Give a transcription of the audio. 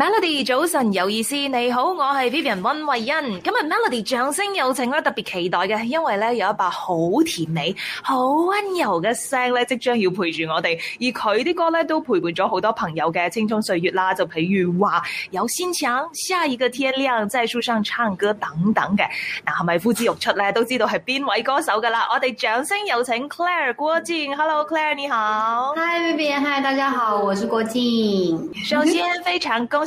Melody 早晨有意思，你好，我係 Vivian 溫慧欣。今日 Melody 掌聲有請啦，特別期待嘅，因為咧有一把好甜美、好溫柔嘅聲咧，即將要陪住我哋。而佢啲歌咧都陪伴咗好多朋友嘅青春歲月啦，就譬如話有心牆下一個天亮在樹上唱歌等等嘅。嗱，係咪呼之欲出咧？都知道係邊位歌手噶啦？我哋掌聲有請 Claire 郭靖。Hello，Claire 你好。Hi，Vivian，i Hi，大家好，我是郭靖。首先非常高。